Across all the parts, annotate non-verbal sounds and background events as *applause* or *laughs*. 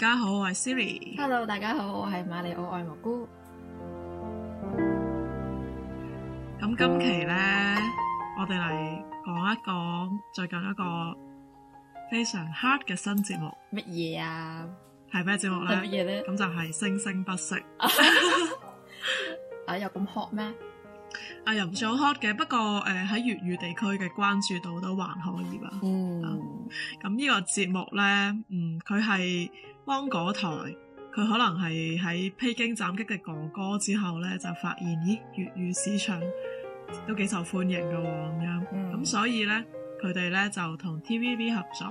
大家好，我係 Siri。Hello，大家好，我係馬里奧愛蘑菇。咁今期咧，oh. 我哋嚟講一個最近一個非常 hard 嘅新節目。乜嘢啊？係咩節目咧？乜嘢咧？咁就係《聲生不息》。啊，又咁 hot 咩？啊、so，又唔算 hot 嘅，不過誒喺粵語地區嘅關注度都還可以吧。嗯。咁呢個節目咧，嗯，佢係。芒果台佢可能係喺披荊斬棘嘅哥哥之後咧，就發現，咦，粵語市場都幾受歡迎嘅咁樣，咁、嗯、所以咧佢哋咧就同 TVB 合作，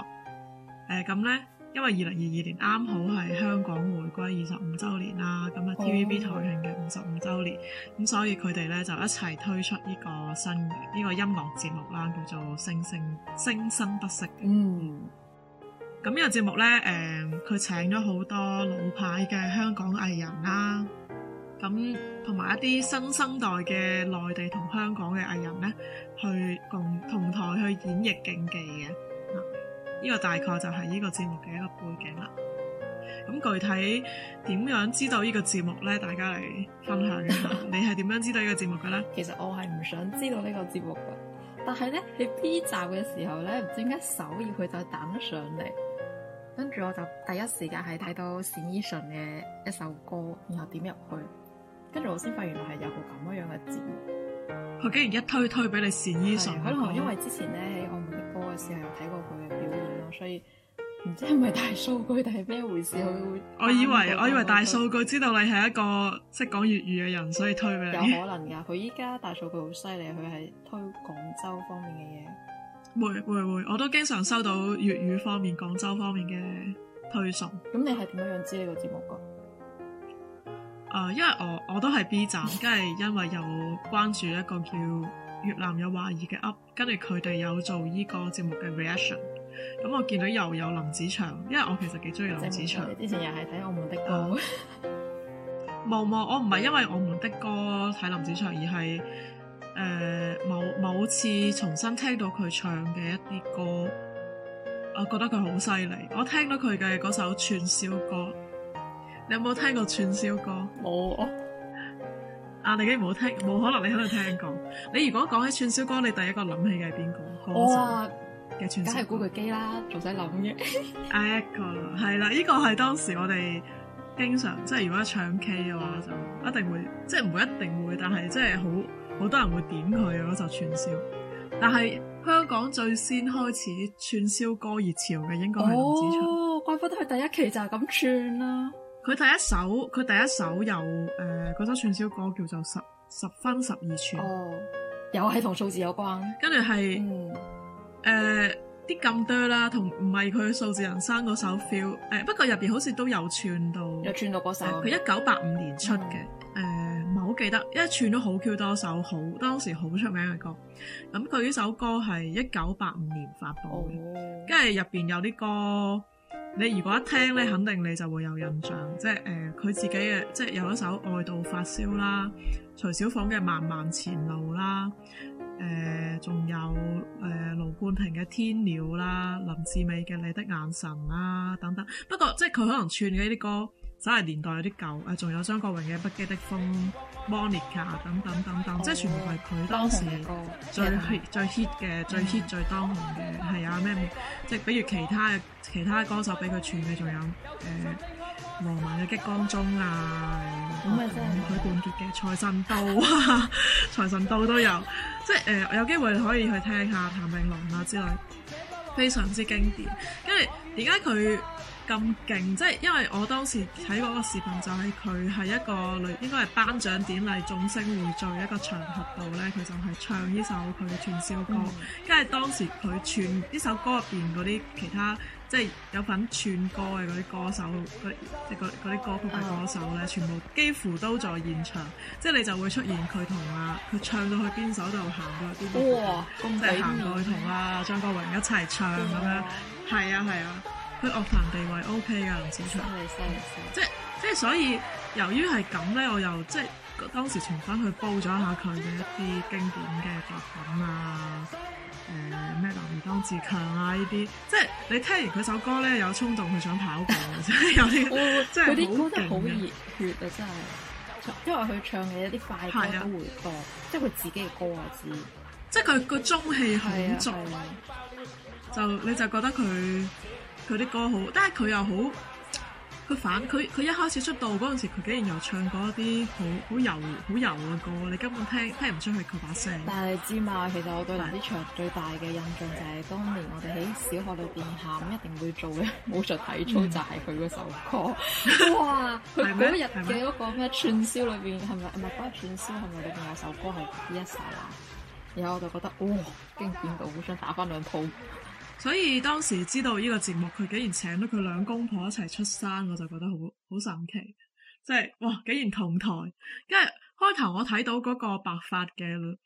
誒咁咧因為二零二二年啱好係香港回歸二十五週年啦，咁啊 TVB 台慶嘅五十五週年，咁、嗯、所以佢哋咧就一齊推出呢個新呢、這個音樂節目啦，叫做聲聲《聲聲聲生不息》嘅、嗯。咁呢個節目咧，誒、呃，佢請咗好多老牌嘅香港藝人啦，咁同埋一啲新生代嘅內地同香港嘅藝人咧，去共同台去演繹競技嘅，呢、啊呢個大概就係呢個節目嘅一個背景啦。咁、啊、具體點樣知道呢個節目咧？大家嚟分享下。 *laughs* 你係點樣知道呢個節目嘅咧？其實我係唔想知道呢個節目嘅，但係咧喺 B 站嘅時候咧，唔知點解首頁佢就彈咗上嚟。跟住我就第一時間係睇到單依純嘅一首歌，然後點入去，跟住我先發現原來係有個咁樣嘅節目。佢竟然一推推俾你單依純，可能因為之前咧喺我們的歌嘅時候有睇過佢嘅表演咯，所以唔知係咪大數據定係咩回事佢會。嗯、我以為我以為，我以為大數據知道你係一個識講粵語嘅人，所以推俾你。有可能㗎，佢依家大數據好犀利，佢係推廣州方面嘅嘢。會會會，我都經常收到粵語方面、廣州方面嘅推送。咁你係點樣樣知呢個節目㗎？啊、呃，因為我我都係 B 站，跟住 *laughs* 因為有關注一個叫越南有華裔嘅 up，跟住佢哋有做呢個節目嘅 reaction。咁、嗯、我見到又有林子祥，因為我其實幾中意林子祥。 *laughs* 之前又係睇我們的歌。冇冇、哦， *laughs* *laughs* 我唔係因為我們的歌睇林子祥，而係。誒、呃，某某次重新聽到佢唱嘅一啲歌，我覺得佢好犀利。我聽到佢嘅嗰首串燒歌，你有冇聽過串燒歌？冇沒啊！你根本冇聽，冇可能你喺度聽過。 *laughs* 你如果講起串燒歌，你第一個諗起嘅係邊個？哇！嘅串燒梗係古巨基啦，仲使諗嘅？一係啦，呢個係當時我哋經常即係、即係、如果一唱 K 嘅話，就一定會即係唔會一定會，但係即係好。好多人會點佢咯，就係、串燒。但係香港最先開始串燒歌熱潮嘅，應該係林子祥。哦，怪不得佢第一期就係咁串啦、啊。佢第一首，佢第一首有誒嗰、呃、首串燒歌叫做十十分十二寸。哦，又係同數字有關。跟住係，誒啲咁多啦，同唔係佢數字人生嗰首 feel、呃。誒，不過入邊好似都有串到，有串到嗰首。佢一九八五年出嘅，誒、嗯。嗯記得一串都好 Q 多首好，當時好出名嘅歌。咁佢呢首歌係一九八五年發布嘅，跟住入邊有啲、這、歌、個，你如果一聽咧，肯定你就會有印象。即係誒，佢、呃、自己嘅，即係有一首《愛到發燒》啦，徐小鳳嘅《漫漫前路》啦，誒、呃，仲有誒、呃、盧冠廷嘅《天鳥》啦，林志美嘅《你的眼神》啦等等。不過即係佢可能串嘅呢啲歌。真係年代有啲舊，誒，仲有張國榮嘅《不羈的風》、《Monica》等等等等，oh、即係全部係佢當時最 h i t 最 hit 嘅、最 hit、最，it，嗯、最當紅嘅，係啊，咩？即係比如其他嘅其他歌手俾佢傳嘅，仲有誒羅、呃、文嘅《激光中》啊，咁咪即係許冠傑嘅《財神到》啊，《財神到》都有，即係誒、呃，有機會可以去聽下譚詠麟啊之類，非常之經典。跟住而家佢。咁勁，即係因為我當時睇嗰個視頻，就係佢係一個類應該係頒獎典禮眾星匯聚一個場合度咧，佢就係唱呢首佢嘅串燒歌。跟住、嗯、當，當時佢串呢首歌入邊嗰啲其他，即係有份串歌嘅嗰啲歌手，即係嗰啲歌曲嘅歌手咧，全部幾乎都在現場。嗯、即係你就會出現佢同啊，佢唱到去邊首度，行過啲哇，公仔行過去同啊張國榮一齊唱咁樣，係啊係啊。佢樂壇地位 O K 噶，林子祥，即係即係，所以由於係咁咧，我又即係當時重翻去煲咗一下佢嘅一啲經典嘅作品啊，誒、呃、咩《男兒當自強啊》啊呢啲，即係你聽完佢首歌咧，有衝動佢想跑動， *laughs* 我即真係有啲，即我真係好熱血啊！真係，因為佢唱嘅一啲快歌都、啊、即係佢自己嘅歌我啊，知、啊，即係佢個中氣好重，就你就覺得佢。佢啲歌好，但係佢又好，佢反佢佢一開始出道嗰陣時，佢竟然又唱過一啲好好柔好柔嘅歌，你根本聽聽唔出係佢把聲。但係你知嘛，其實我對林子祥最大嘅印象就係當年我哋喺小學裏邊喊「一定會做嘅，武 *laughs* 術體操就係佢嗰首歌。嗯、哇！佢嗰日嘅嗰個咩串燒裏邊係咪？唔係，唔嗰、那個、串燒係咪裏邊有首歌係《一剎那》？然後我就覺得哇，經典到好想打翻兩鋪。所以當時知道呢個節目佢竟然請咗佢兩公婆一齊出山，我就覺得好好神奇，即係哇！竟然同台，即係開頭我睇到嗰個白髮嘅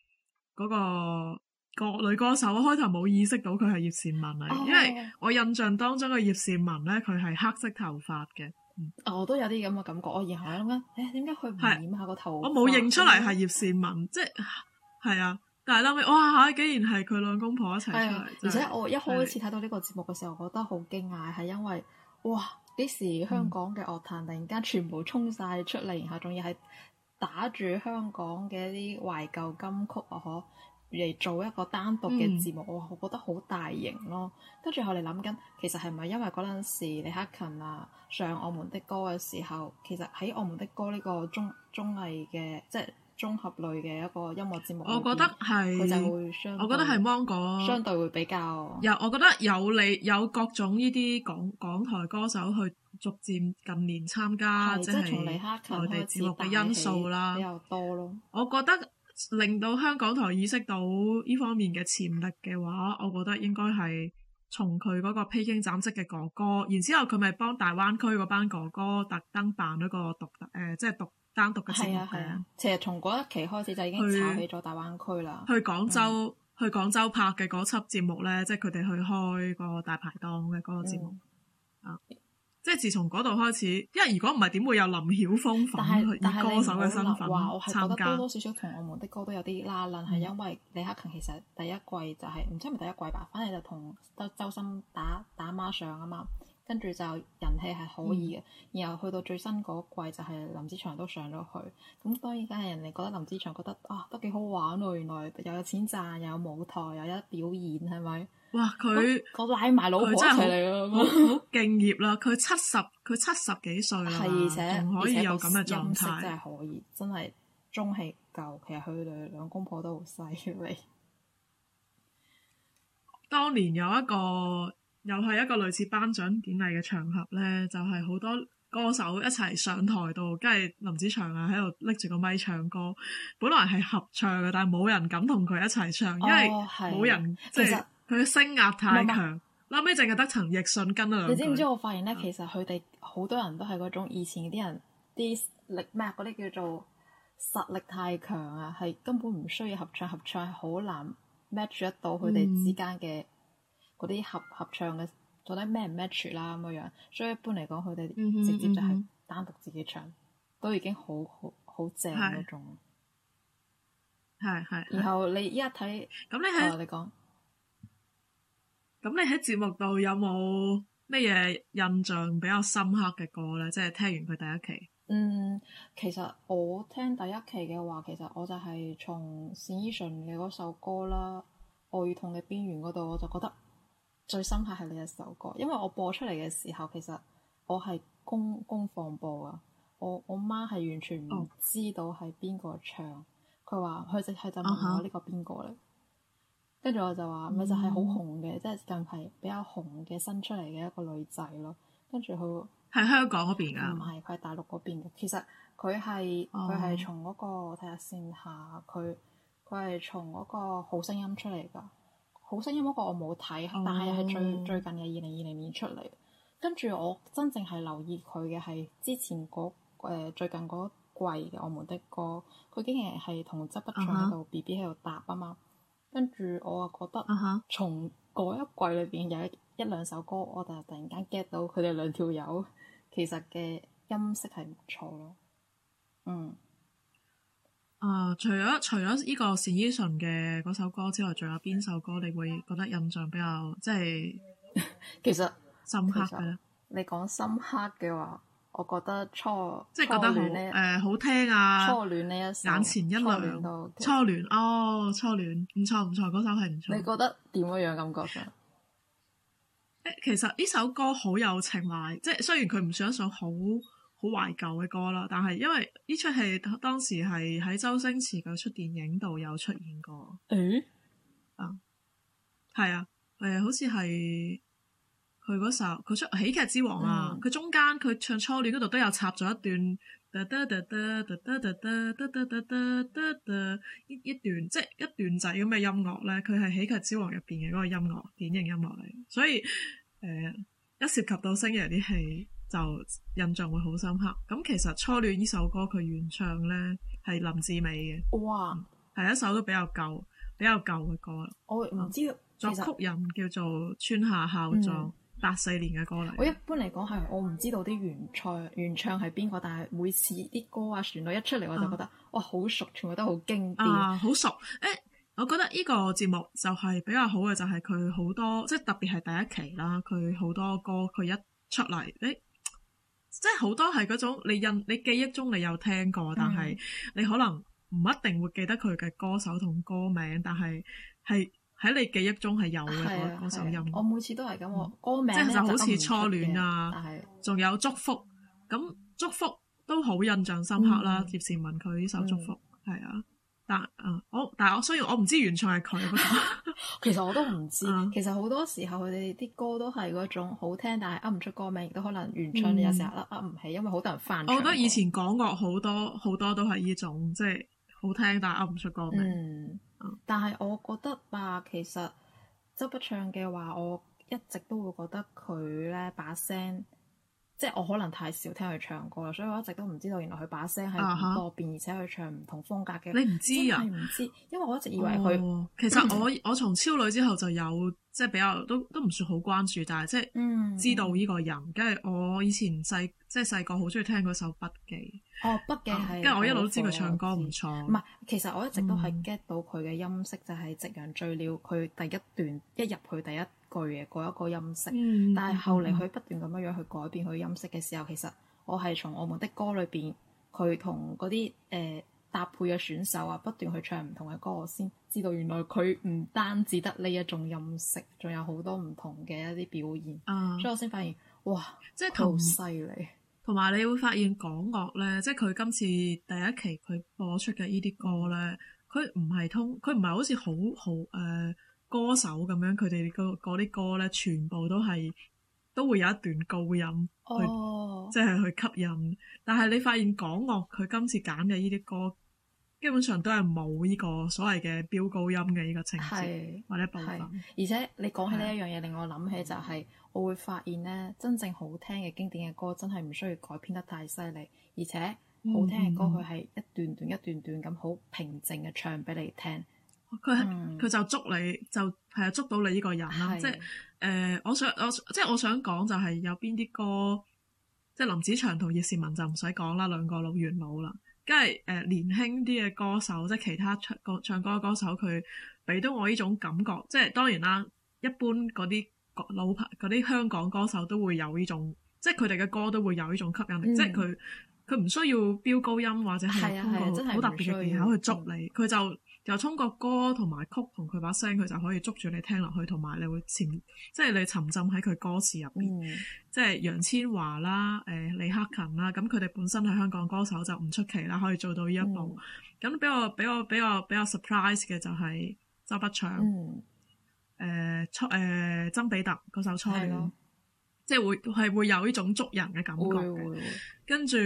嗰個女歌手，我開頭冇意識到佢係葉倩文嚟，哦、因為我印象當中嘅葉倩文咧，佢係黑色頭髮嘅，我、嗯哦、都有啲咁嘅感覺。我然後我諗緊，誒點解佢唔染下個頭？我冇認出嚟係葉倩文， *laughs* 即係係啊。但係咧，哇、啊、竟然係佢兩公婆一齊出嚟，的、就是，而且我一開始睇到呢個節目嘅時候，的我覺得好驚訝，係因為哇，幾時香港嘅樂壇突然間全部衝晒出嚟，嗯、然後仲要係打住香港嘅一啲懷舊金曲啊，可嚟、嗯、做一個單獨嘅節目，我我覺得好大型咯。跟住、嗯、我哋諗緊，其實係唔係因為嗰陣時李克勤啊上我們的歌嘅時候，其實喺我們的歌呢、呢個綜綜藝嘅即係。綜合類嘅一個音樂節目，我覺得係，我覺得係芒果，相對會比較。有我覺得有你有各種呢啲港港台歌手去逐漸近年參加，的即係內地節目嘅因素啦，比較多咯。我覺得令到香港台意識到呢方面嘅潛力嘅話，我覺得應該係從佢嗰個披荊斬棘嘅哥哥，然之後佢咪幫大灣區嗰班哥哥特登辦咗個獨，誒、呃、即係獨。單獨嘅情況，係啊，啊，其實從嗰一期開始就已經去炒起咗大灣區啦。去廣州，嗯、去廣州拍嘅嗰輯節目咧，即係佢哋去開個大排檔嘅嗰個節目，嗯、啊，即係自從嗰度開始，因為如果唔係點會有林曉峰粉是以歌手嘅身份話，我係覺得多多少少同我們的歌都有啲拉褦。係、嗯、因為李克勤其實第一季就係、是、唔知係咪第一季吧，反正就同周周深打打孖上啊嘛。跟住就人氣係可以嘅，嗯、然後去到最新嗰季就係林子祥都上咗去，咁當然梗係人哋覺得林子祥覺得啊都幾好玩咯，原來又有錢賺又有，有舞台又有得表演，係咪？哇！佢我拉埋老婆真係嚟啦，好敬業啦！佢七十佢七十幾歲啊，係而且仲可以有噉嘅狀態而且嘅音色真係可以，真係中氣夠。其實佢哋兩公婆都好犀利。 *laughs* 當年有一個。又係一個類似頒獎典禮嘅場合咧，就係、是、好多歌手一齊上台度，跟住林子祥啊喺度拎住個咪唱歌。本來係合唱嘅，但係冇人敢同佢一齊唱，因為冇人、哦、即係佢嘅聲壓太強。白後尾淨係得陳奕迅跟啊。你知唔知我發現咧，的其實佢哋好多人都係嗰種以前啲人啲力咩嗰啲叫做實力太強啊，係根本唔需要合唱，合唱係好難 match 得到佢哋之間嘅、嗯。嗰啲合合唱嘅到底咩唔 match 啦咁嘅樣。所以一般嚟講，佢哋直接就係單獨自己唱，mm hmm, mm hmm. 都已經好好好正嗰種。係，係。然後你依家睇咁，你係你講，咁，你喺節目度有冇咩嘢印象比較深刻嘅歌咧？即係聽完佢第一期。嗯，其實我聽第一期嘅話，其實我就係從單依純嘅嗰首歌啦，歌《愛與痛嘅邊緣》嗰度，我就覺得。最深刻係呢一首歌，因為我播出嚟嘅時候，其實我係公公放播啊，我我媽係完全唔知道係邊個唱，佢話佢就佢就問我呢個邊個咧？跟住、oh. 我就話咪就係好紅嘅，oh. 即係近期比較紅嘅新出嚟嘅一個女仔咯，跟住佢係香港嗰邊噶？唔係佢係大陸嗰邊嘅，其實佢係佢係從嗰、嗰個我睇下先下佢佢係從嗰個好聲音出嚟㗎。好聲音嗰個我冇睇，但係係最最近嘅二零二零年出嚟，跟住我真正係留意佢嘅係之前嗰、呃、最近嗰季嘅《我們的歌》，佢竟然係同執筆唱喺度，B B 喺度搭啊嘛，跟住、uh huh. 我啊覺得從嗰一季裏邊有一一兩首歌，我就突然間 get 到佢哋兩條友其實嘅音色係唔錯咯，嗯。啊！除咗除咗呢個單依純嘅嗰首歌之外，仲有邊首歌你會覺得印象比較即係 *laughs* 其實深刻嘅咧？你講深刻嘅話，我覺得初即係覺得初戀咧得好好聽啊！初戀呢一首眼前一亮。初戀，初戀哦，初戀唔錯唔錯，嗰首係唔錯。錯錯，你覺得點樣樣感覺嘅？誒，其實呢首歌好有情懷，即係雖然佢唔算一首好。好懷舊嘅歌啦，但係因為呢出戲當時係喺周星馳嘅出電影度有出現過。嗯，啊，係啊，誒，好似係佢嗰時候，佢出《喜劇之王》啊，佢中間佢唱初戀嗰度都有插咗一段，得得得得得得得得得，一一段即係一段仔咁嘅音樂咧，佢係《喜劇之王》入邊嘅嗰個音樂，典型音樂嚟。所以誒，一涉及到星爺啲戲。就印象會好深刻。咁其實《初戀》呢首歌佢原唱咧係林志美嘅，哇，係、嗯、一首都比較舊、比較舊嘅歌啦。我唔知、啊、實作曲人叫做村下孝蔵，嗯、八四年嘅歌嚟。我一般嚟講係我唔知道啲原，原唱原唱係邊個，但係每次啲歌啊旋律一出嚟，我就覺得、啊、哇好熟，全部都好經典，好、啊、熟。誒、欸，我覺得呢個節目就係比較好嘅，就係佢好多即係特別係第一期啦，佢好多歌佢一出嚟誒。欸即係好多係嗰種，你印你記憶中你有聽過，但係你可能唔一定會記得佢嘅歌手同歌名，但係係喺你記憶中係有嘅的歌手音。我每次都係咁，我、嗯、歌名即係就好似初戀啊，仲是有祝福，咁祝福都好印象深刻啦。葉倩文佢呢首祝福，係啊、嗯。但嗯，但我但係我雖然我唔知原唱係佢， *laughs* 其實我都唔知。其實好多時候佢哋啲歌都係嗰種好聽，但係噏唔出歌名，亦都可能原唱你有時噏噏唔起，嗯、因為好多人翻唱。我覺得以前港樂好多好多都係呢種，即係好聽但係噏唔出歌名。嗯，嗯但係我覺得吧，其實周筆暢嘅話，我一直都會覺得佢咧把聲。即係我可能太少聽佢唱歌啦，所以我一直都唔知道原來佢把聲係咁多變，uh huh. 而且佢唱唔同風格嘅。你唔知啊？你唔知，因為我一直以為佢。Oh, 其實我我從超女之後就有。即係比較都都唔算好關注，但係即係知道呢個人。跟住、嗯、我以前細即係細個好中意聽嗰首筆，哦《筆記》嗯。哦，《筆記》係。跟住我一路都知佢唱歌唔錯。唔係，錯其實我一直都係 get 到佢嘅音色，就係、嗯，《夕陽醉了》。佢第一段一入去第一句嘅嗰一個音色。嗯、但係後嚟佢不斷咁樣樣去改變佢音色嘅時候，其實我係從我們的歌裏邊佢同嗰啲誒。搭配嘅選手啊，不斷去唱唔同嘅歌，我先知道原來佢唔單止得呢一種音色，仲有好多唔同嘅一啲表現。啊，uh, 所以我先發現哇，即係好犀利。同埋你會發現港樂咧，即係佢今次第一期佢播出嘅呢啲歌咧，佢唔係通佢唔係好似好好誒歌手咁樣，佢哋嗰啲歌咧全部都係都會有一段高音去，oh. 即係去吸引。但係你發現港樂佢今次揀嘅呢啲歌。基本上都係冇呢個所謂嘅飆高音嘅呢個情節是或者部分，而且你講起呢一樣嘢，令我諗起就係我會發現咧，真正好聽嘅經典嘅歌，真係唔需要改編得太犀利，而且好聽嘅歌佢係一段段一段段咁好平靜嘅唱俾你聽。佢係佢就捉你，就係捉到你呢個人啦。是即係誒、呃，我想我即係我想講就係有邊啲歌，即係林子祥同葉倩文就唔使講啦，兩個老元老啦。即係誒年輕啲嘅歌手，即係其他唱歌唱歌歌手，佢俾到我呢種感覺。即係當然啦，一般嗰啲老啲香港歌手都會有呢種，即係佢哋嘅歌都會有呢種吸引力。嗯、即係佢佢唔需要飆高音或者係通過好特別嘅技巧去捉你，佢就又通過歌同埋曲同佢把聲，佢就可以捉住你聽落去，同埋你會潛即係你沉浸喺佢歌詞入面，嗯、即係楊千嬅啦，誒、呃、李克勤啦，咁佢哋本身係香港歌手就唔出奇啦，可以做到呢一步。咁、嗯、比較比較比較比較 surprise 嘅就係周筆暢，誒誒、嗯呃呃、曾比特嗰首初戀，嗯、即係會係會有呢種捉人嘅感覺，跟住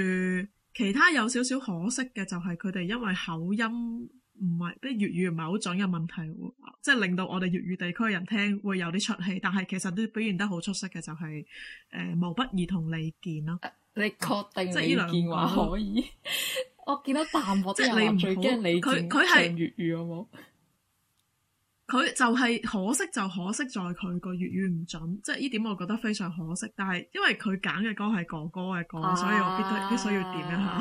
其他有少少可惜嘅就係佢哋因為口音。唔係啲粵語唔係好準嘅問題，即係令到我哋粵語地區嘅人聽會有啲出戲，但係其實都表現得好出色嘅就係誒毛不易同李健咯。你確定即呢兩件話可以？啊、 *laughs* 我見到淡薄啲你唔最驚李健唱粵語好冇？佢就係可惜，就可惜在佢個粵語唔準，即係呢點我覺得非常可惜。但係因為佢揀嘅歌係哥哥嘅歌，啊、所以我必須必須要點一下。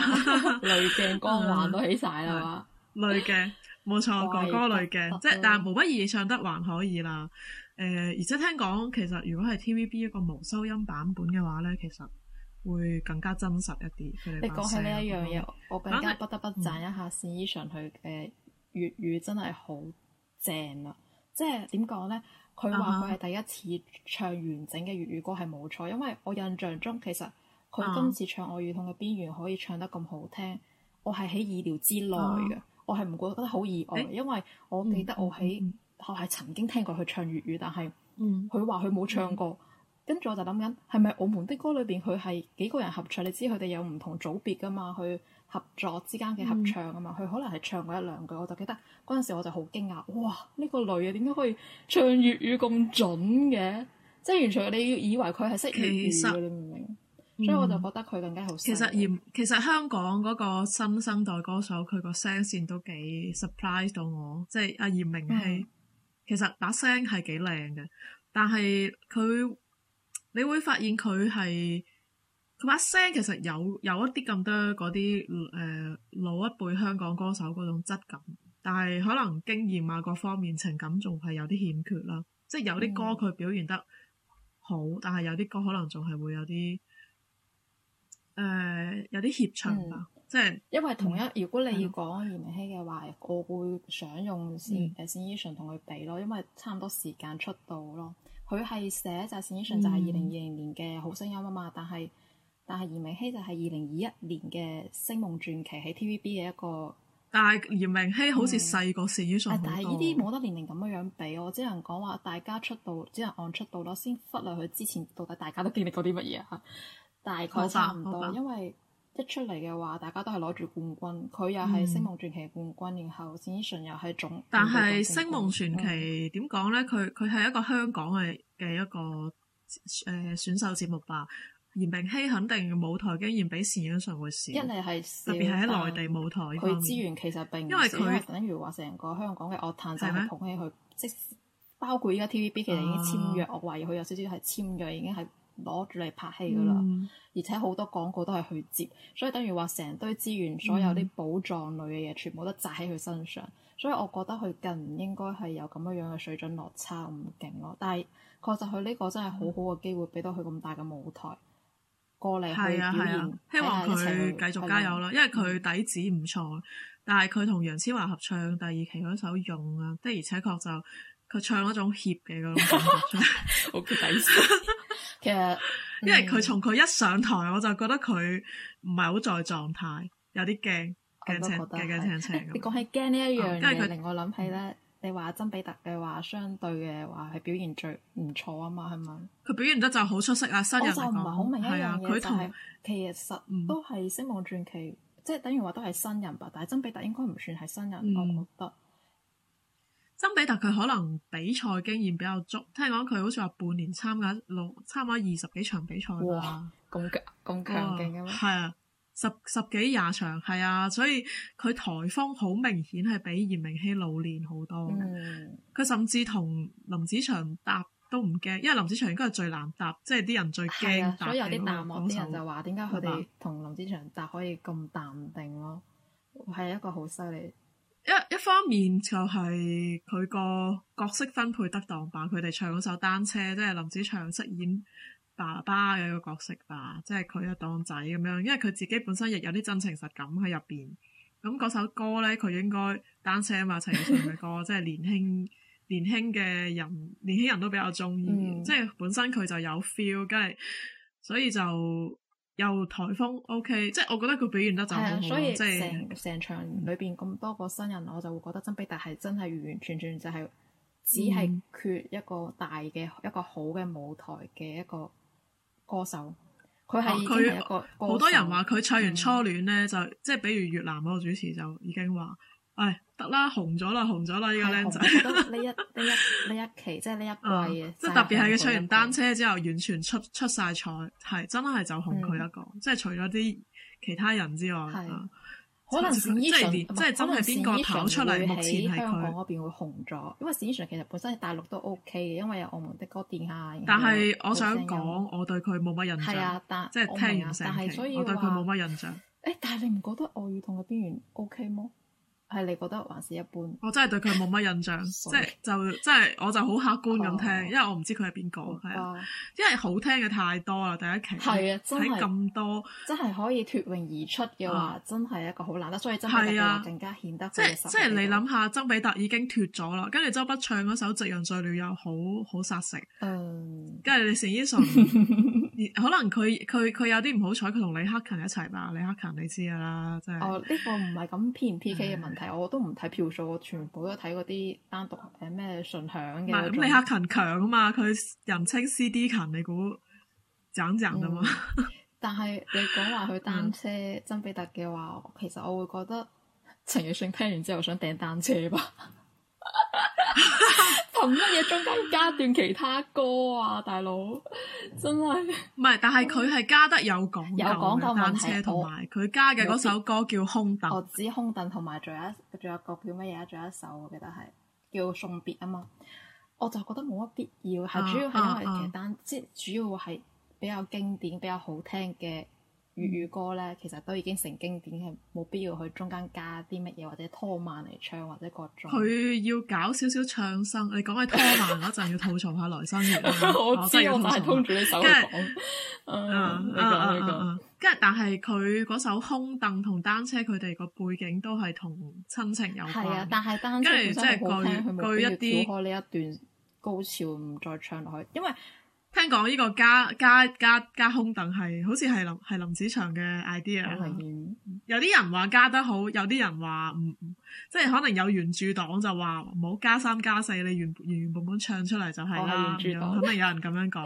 *laughs* 濾鏡光環都起晒啦 *laughs* 類嘅冇錯，哥哥類嘅 *laughs* 即係，但係毛不易唱得還可以啦。誒、呃，而且聽講其實如果係 T V B 一個無收音版本嘅話咧，其實會更加真實一啲。你講起呢一樣嘢，嗯、我更加不得不讚一下單依純，佢嘅粵語真係好正啦、啊，即係點講咧？佢話佢係第一次唱完整嘅粵語歌係冇錯，uh, 因為我印象中其實佢今次唱《我與痛嘅邊緣》可以唱得咁好聽，uh. 我係喺意料之內嘅。我係唔覺得好意外，欸、因為我記得我喺學係曾經聽過佢唱粵語，但係佢話佢冇唱過。跟住、嗯、我就諗緊，係咪澳門的歌裏邊佢係幾個人合唱？你知佢哋有唔同組別噶嘛？去合作之間嘅合唱啊嘛，佢、嗯、可能係唱過一兩句，我就記得嗰陣時我就好驚訝，哇！呢、呢個女嘅點解可以唱粵語咁準嘅？即係完全你要以為佢係識粵語嘅，實你明唔明？所以我就覺得佢更加好、嗯。其實嚴其實香港嗰個新生代歌手，佢個聲線都幾 surprise 到我。即係阿嚴明希，嗯、其實把聲係幾靚嘅，但係佢，你會發現佢係佢把聲其實有有一啲咁多嗰啲誒老一輩香港歌手嗰種質感，但係可能經驗啊各方面情感仲係有啲欠缺啦。即係有啲歌佢表現得好，嗯、但係有啲歌可能仲係會有啲。誒、呃，有啲怯場噶，嗯、即係是因為同一，如果你要講嚴明熙嘅話，嗯、我會想用先誒、嗯，線衣純同佢比咯，因為差唔多時間出道咯。佢係寫就線衣純就係二零二零年嘅好聲音啊嘛，但係但係嚴明熙就係二零二一年嘅星夢傳奇喺 TVB 嘅一個，但係嚴明熙好似細過線衣純，但係呢啲冇得年齡咁樣樣比，我只能講話大家出道，只能按出道咯，先忽略佢之前到底大家都經歷過啲乜嘢吓。 *laughs* 大概差唔多，因為一出嚟嘅話，大家都係攞住冠軍，佢又係《聲夢傳奇》冠軍，然後單依純又係總，但係《聲夢傳奇》點講咧？佢佢係一個香港嘅嘅一個誒選秀節目吧。炎明熹肯定舞台經驗比單依純會少，因為係特別係喺內地舞台，佢資源其實並因為佢等於話成個香港嘅樂壇就捧起佢，即包括依家 TVB 其實已經簽約我懷疑，佢有少少係簽約已經係。攞住嚟拍戲噶啦，而且好多廣告都係去接，所以等於話成堆資源，所有啲寶藏類嘅嘢，嗯、全部都集喺佢身上。所以我覺得佢更唔應該係有咁樣樣嘅水準落差唔勁咯。但係確實佢呢個真係好好嘅機會，俾到佢咁大嘅舞台，過嚟啊，表演啊，希望佢繼續加油啦，因為佢底子唔錯。對但係佢同楊千嬅合唱第二期嗰首《勇》啊，的而且確就佢唱嗰種 h i 感嘅嗰種，好嘅、 *laughs* *laughs* okay, 底 *laughs* 其、嗯、因為佢從佢一上台，我就覺得佢唔係好在狀態，有啲驚驚青驚驚青青咁。你講起驚呢一樣佢、嗯、令我諗起咧，你話曾比特嘅話相對嘅話係表現最唔錯啊嘛，係咪？佢表現得就好出色啊，新人就唔係好明一樣嘢，但、啊、其實都係聲夢傳奇，即係等於話都係新人吧。但係曾比特應該唔算係新人，嗯、我覺得。曾比特佢可能比賽經驗比較足，聽講佢好似話半年參加六參加二十幾場比賽，哇，咁強咁強勁嘅咩？係啊，啊，十十幾廿場，係啊，所以佢台風好明顯係比嚴明熙老練好多佢、嗯、甚至同林子祥搭都唔驚，因為林子祥應該係最難搭，即係啲人最驚、啊。所以有啲淡漠啲人就話，點解佢哋同林子祥搭可以咁淡定咯？係一個好犀利。一一方面就係佢個角色分配得當吧，佢哋唱首單車，即係林子祥飾演爸爸嘅一個角色吧，即係佢一當仔咁樣，因為佢自己本身亦有啲真情實感喺入邊，咁嗰首歌咧，佢應該單車啊嘛，陳奕迅嘅歌， *laughs* 即係年輕年輕嘅人，年輕人都比較中意，嗯、即係本身佢就有 feel，跟住所以就。又台風，O、OK、K，即係我覺得佢表現得就係，好。嗯、即成是成場裏邊咁多個新人，我就會覺得曾比特，但係真係完完全全就係只係缺一個大嘅、嗯、一個好嘅舞台嘅一個歌手，佢係佢，好、啊、多人話佢唱完初戀咧，嗯、就即係比如越南嗰個主持就已經話。唉，得啦，紅咗啦，紅咗啦！呢個僆仔，呢一呢一呢一期即係呢一季嘢，即係特別係佢唱完單車之後，完全出出晒彩，係真係就紅佢一個，即係除咗啲其他人之外啊。可能史依祥，可能史依祥會喺香港嗰邊會紅咗，因為史依其實本身喺大陸都 O K 嘅，因為有我們的歌殿下。但係我想講，我對佢冇乜印象。即啊，但係我唔所以我對佢冇乜印象。誒，但係你唔覺得我遇同嘅邊緣 O K 嗎？係你覺得還是一般？我真係對佢冇乜印象，即係 *laughs* 以就即係我就好客觀咁聽，oh. 因為我唔知佢係邊個係啊。因為好聽嘅太多啦，第一期睇咁多，真係可以脱穎而出嘅話，啊、真係一個好難得。所以曾比特更加顯得、啊、即即係你諗下，曾比特已經脱咗啦，跟住周筆暢唱嗰首《夕陽醉了》又好好殺食，跟住、um, 你成英純。可能佢佢佢有啲唔好彩，佢同李克勤一齊吧？李克勤你知㗎啦，真係。哦，呢、這個唔係咁 P 然 P K 嘅問題，嗯、我都唔睇票數，我全部都睇嗰啲單獨誒咩順響嘅。唔係咁，李克勤強啊嘛，佢人稱 C D 勤，你估怎樣啊嘛？嗯、但係你講話佢單車曾比特嘅話，嗯、其實我會覺得陳奕迅聽完之後想訂單車吧。 *laughs* 同乜嘢中間加段其他歌啊，大佬，真係唔係，但係佢係加得有講究嘅。有講究，但係同埋佢加嘅嗰首歌叫空凳。我指空凳同埋仲有一仲有一個叫乜嘢啊？仲有一首我記得係叫送別啊嘛。我就覺得冇乜必要，係、啊、主要係因為劇單，啊啊、即係主要係比較經典、比較好聽嘅。粵語歌咧，其實都已經成經典，係冇必要去中間加啲乜嘢，或者拖慢嚟唱，或者各種。佢要搞少少唱聲，你講緊拖慢嗰陣要吐槽下來生嘅。我知我快通住隻手講。嗯嗯嗯嗯。跟住，但係佢嗰首《空凳》同《單車》，佢哋個背景都係同親情有關。係啊，但係單車本身好聽，佢冇必要跳開呢一段高潮，唔再唱落去，因為。聽講呢個加加加加空凳係好似係林係林子祥嘅 idea、嗯。有啲人話加得好，有啲人話唔、嗯嗯、即係可能有原著黨就話唔好加三加四，你原原原本本唱出嚟就係啦。原著黨可能有人咁樣講，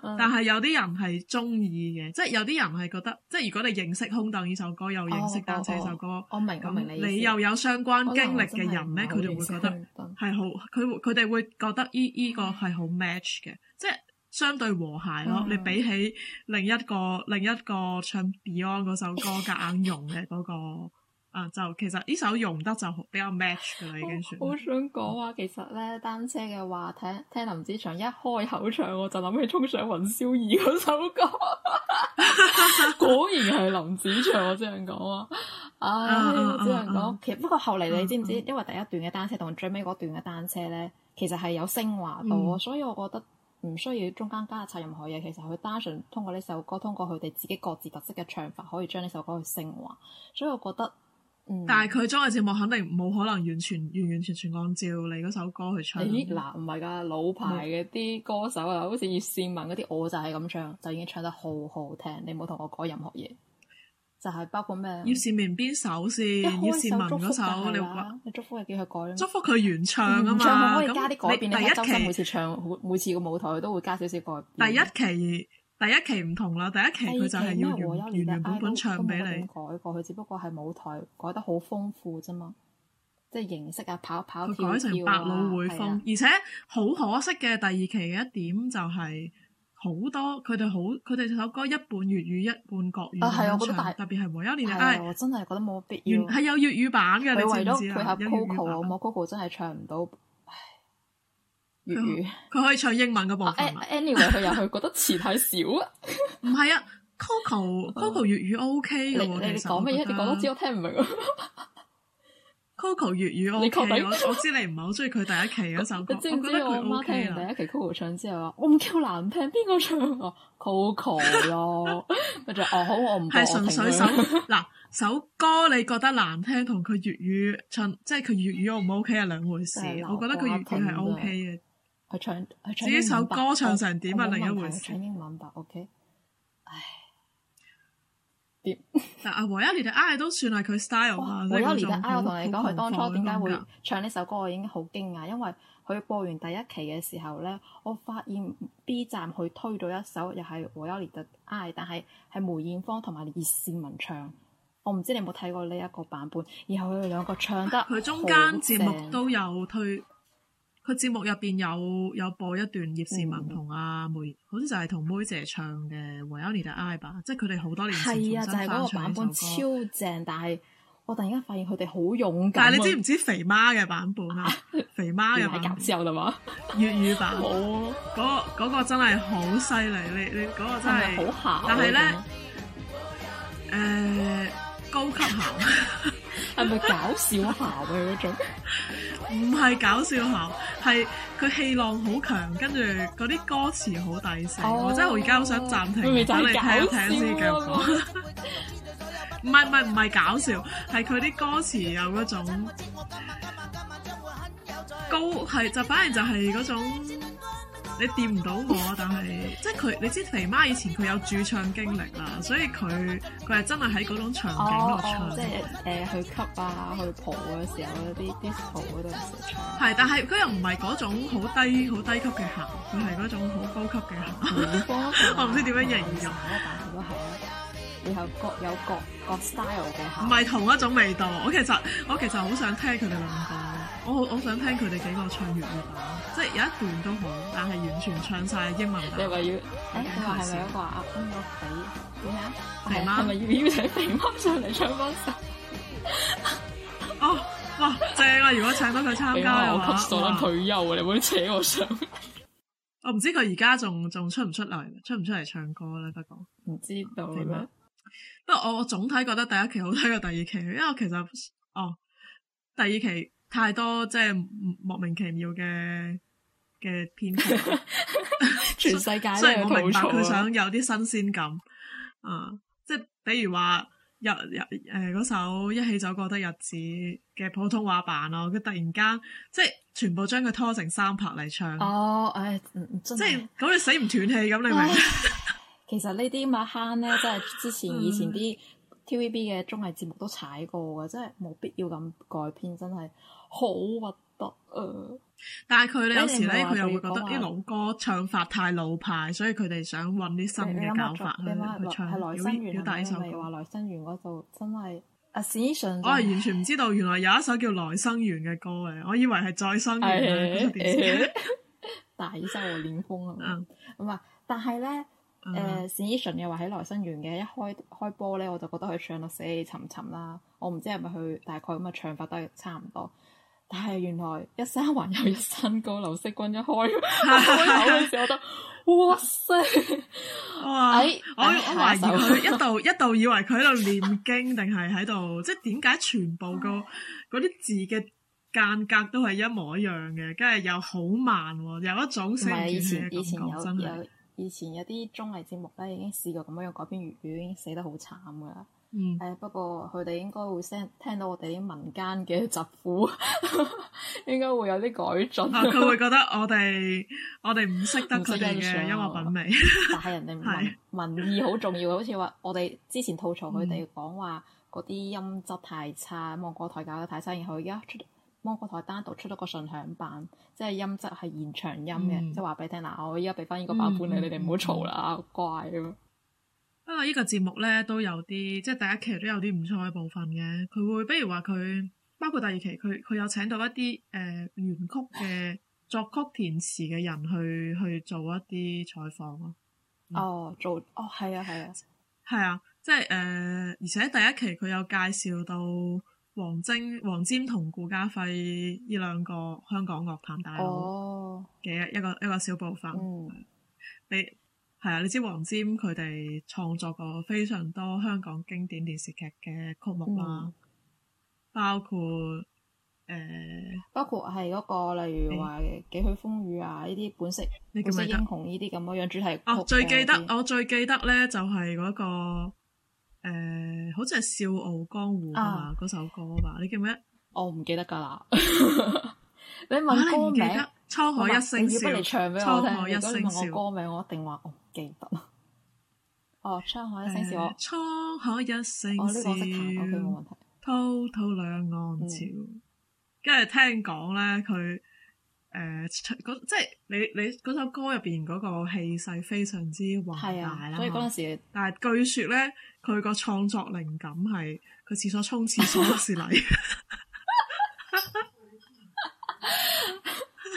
*laughs* 嗯、但係有啲人係中意嘅，即係有啲人係覺得，即係如果你認識空凳呢首歌，又認識單車呢首歌，我明、咁你又有相關經歷嘅人咧，佢哋會覺得係好，佢佢哋會覺得呢呢個係好 match 嘅，即係。相對和諧咯，你比起另一個另一個唱 Beyond 嗰首歌夾硬用嘅嗰個啊，就其實呢首用得就比較 match 啦，已經算。我好想講啊，其實咧單車嘅話，聽聽林子祥一開口唱，我就諗起《衝上雲霄二》嗰首歌，果然係林子祥，我只能講啊，只能講。其實不過後嚟你知唔知？因為第一段嘅單車同最尾嗰段嘅單車咧，其實係有升華度咯，所以我覺得。唔需要中間加插任何嘢，其實佢單純通過呢首歌，通過佢哋自己各自特色嘅唱法，可以將呢首歌去昇華。所以我覺得，嗯、但係佢綜藝節目肯定冇可能完全完完全全按照你嗰首歌去唱。咦？嗱、啊，唔係㗎，老牌嘅啲歌手啊，嗯、好似葉倩文嗰啲，我就係咁唱，就已經唱得好好聽。你冇同我講任何嘢。就係包括咩？葉倩文邊首先？葉倩文嗰首你會講？祝福係叫佢改咩？說祝福佢原唱啊嘛。原唱可以加啲改變。第一期每次唱，每次個舞台都會加少少改第一期，第一期唔同啦。第一期佢就係要原原本本唱俾你，啊、改過，佢只不過係舞台改得好豐富啫嘛。即係形式啊，跑跑跳跳佢改成百老匯風，的而且好可惜嘅第二期嘅一點就係，是。好多佢哋好，佢哋首歌一半粵語一半國語唱。啊，係，我覺得特別係黃一蓮的、哎、我真係覺得冇必要。原係有粵語版嘅，你知唔知啊？佢為咗配合 Coco，我望 Coco 真係唱唔到唉粵語。佢可以唱英文嘅部分。Uh, anyway，佢又係覺得詞太少。唔 *laughs* 係啊，Coco，Coco Coco 粵語 OK 嘅喎。你你講乜嘢？你講多知我聽唔明。 *laughs* Coco 粵語我 O K，我知你唔係好中意佢第一期嗰首歌，我覺得佢 O K 啊。第一期 Coco 唱之後話我唔叫難聽，邊個唱 Coco 咯，咪就哦好，我唔係純粹首嗱首歌，你覺得難聽同佢粵語唱，即係佢粵語 O 唔 O K 係兩回事。我覺得佢粵語係 O K 嘅。佢唱，佢唱。呢首歌唱成點啊？另一回事。唱英文版 O K。 *laughs* 但阿和一念的 I 都算係佢 style 啊！和一念的 I，我同你講，佢當初點解會唱呢首歌，我已經好驚訝，因為佢播完第一期嘅時候咧，我發現 B 站佢推咗一首又係和一念的 I，但係係梅艷芳同埋葉倩文唱，我唔知你有冇睇過呢一個版本，然後佢哋兩個唱得，佢中間節目都有推。佢節目入邊有有播一段葉倩文同阿梅，好似就係同妹姐唱嘅《我要你的愛》吧，即係佢哋好多年前重新翻出版本，超正。但係我突然間發現佢哋好勇敢。但係你知唔知肥媽嘅版本啊？肥媽嘅咩？甲子油啦嘛？粵語版。好，嗰嗰個真係好犀利，你你嗰個真係好鹹。但係咧，誒高級鹹。係咪 *laughs* 搞笑下啊？嗰種唔係搞笑下，係佢氣浪好強，跟住嗰啲歌詞好抵死，我真係我而家好想暫停你睇一睇先講。唔係唔係唔係搞笑，係佢啲歌詞有嗰種高，係就反而就係嗰種。你掂唔到我，但係即係佢，你知肥媽以前佢有駐唱經歷啦，所以佢佢係真係喺嗰種場景度唱、哦哦，即係誒、呃、去吸啊去蒲嘅時候，啲 disco 嗰陣時唱、啊。係，但係佢又唔係嗰種好低好低級嘅喉，佢係嗰種好高級嘅喉。我唔知點樣形容，哦、但係都係。然後各有各各 style 嘅喉，唔係同一種味道。我其實我其實好想聽佢哋兩個。我好我想聽佢哋幾個唱粵語啊，即係有一段都好，但係完全唱晒英文，文。你話要？誒，佢係咪一個阿峰個仔？點啊？肥媽係咪要邀請肥媽上嚟唱嗰首？哦，哇正啊！如果請翻佢參加嘅話，我想退休啊！你唔好扯我上。我唔知佢而家仲仲出唔出嚟，出唔出嚟唱歌咧？不過唔知道啦。不過我我總體覺得第一期好睇過第二期，因為其實哦，第二期。太多即係莫名其妙嘅嘅編曲， *laughs* 全世界都有錯。 *laughs* 雖然明白佢想有啲新鮮感，啊、 *laughs* 嗯，即係比如話，入入誒嗰首《一起走過的日子》嘅普通話版咯，佢突然間即係全部將佢拖成三拍嚟唱。哦，唉，嗯、即係咁你死唔斷氣咁，唉你明？ *laughs* 其實馬呢啲麥坑咧，即係之前以前啲 TVB 嘅綜藝節目都踩過嘅，即係冇必要咁改編，真係。好核突啊！但係佢咧，有時咧，佢又會覺得啲老歌唱法太老派，所以佢哋想搵啲新嘅搞法去唱。係《來生緣》嘅，但係佢哋話《來生緣》嗰度真係啊。沈我係完全唔知道，原來有一首叫《來生緣》嘅歌嘅，我以為係《再生緣》啊。大周連峰啊，咁係？但係咧，誒，沈依純又話喺《來生緣》嘅一開開波咧，我就覺得佢唱得死氣沉沉啦。我唔知係咪佢大概咁嘅唱法都差唔多。但係原來一山還有一山高，劉惜君一開， *laughs* 我開頭嗰時覺得， *laughs* 哇塞，哇，哎、我我懷疑佢一度一度以為佢喺度念經，定係喺度，即係點解全部個啲 *laughs* 字嘅間隔都係一模一樣嘅，跟住又好慢，有一種聲線嘅咁講真嘅。以前有啲綜藝節目都已經試過咁樣改編粵語，魚魚已經死得好慘噶。誒不過佢哋應該會聽到我哋啲民間嘅疾苦，嗯、 *laughs* 應該會有啲改進、哦。啊，佢會覺得我哋 *laughs* 我哋唔識得佢哋嘅音樂品味， *laughs* 但係人哋唔民民意好重要。好似話我哋之前吐槽佢哋講話嗰啲音質太差，嗯、芒果台搞得太差，然後而家出芒果台單獨出咗個純享版，即係音質係現場音嘅，嗯、即係話俾你聽啦。我而家俾翻呢個版本、嗯、你，你哋唔好嘈啦，乖。不過呢個節目咧都有啲，即係第一期都有啲唔錯嘅部分嘅。佢會，比如話佢包括第二期，佢佢有請到一啲誒、呃、原曲嘅作曲填詞嘅人去去做一啲採訪咯、哦嗯。哦，做哦，係啊，係啊，係啊，即係誒、呃，而且第一期佢有介紹到黃霑、黃霑同顧家輝呢兩個香港樂壇大佬嘅、哦、一個一個，一個小部分。哦嗯、你。係啊，你知黃霑佢哋創作過非常多香港經典電視劇嘅曲目啦，嗯、包括誒，呃、包括係嗰、那個例如話、欸、幾許風雨啊呢啲本色你見見本色英雄呢啲咁嘅樣主題曲。哦、啊，最記得我最記得咧就係、是、嗰、那個誒、呃，好似係笑傲江湖嘛啊嗰首歌嘛。你叫咩？我唔記得噶啦、 *laughs* 啊，你問歌名。滄海一聲笑，滄海一聲笑。歌名，一我一定話我唔記得。 *laughs* 哦，滄海一聲笑，滄海一聲笑。這個、我識彈，OK，冇問題。滔滔兩岸潮，跟住、嗯、聽講咧，佢誒、呃、即係你你首歌入邊嗰個氣勢非常之宏大啦。啊嗯、所以嗰陣時，但係據說咧，佢個創作靈感係佢廁所沖廁所時嚟。 *laughs* *laughs* *laughs*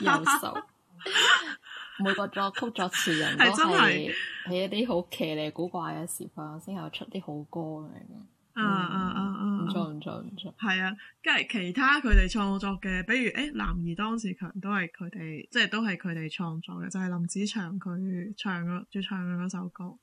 右手， *laughs* 每個作曲作詞人真係喺一啲好騎呢古怪嘅時候，先係出啲好歌嚟嘅。嗯嗯嗯嗯，唔錯唔錯唔錯。係啊，跟住其他佢哋創作嘅，比如誒《男兒當自強》都係佢哋，即係都係佢哋創作嘅，就係、是、林子祥佢唱嘅最唱嘅嗰首歌。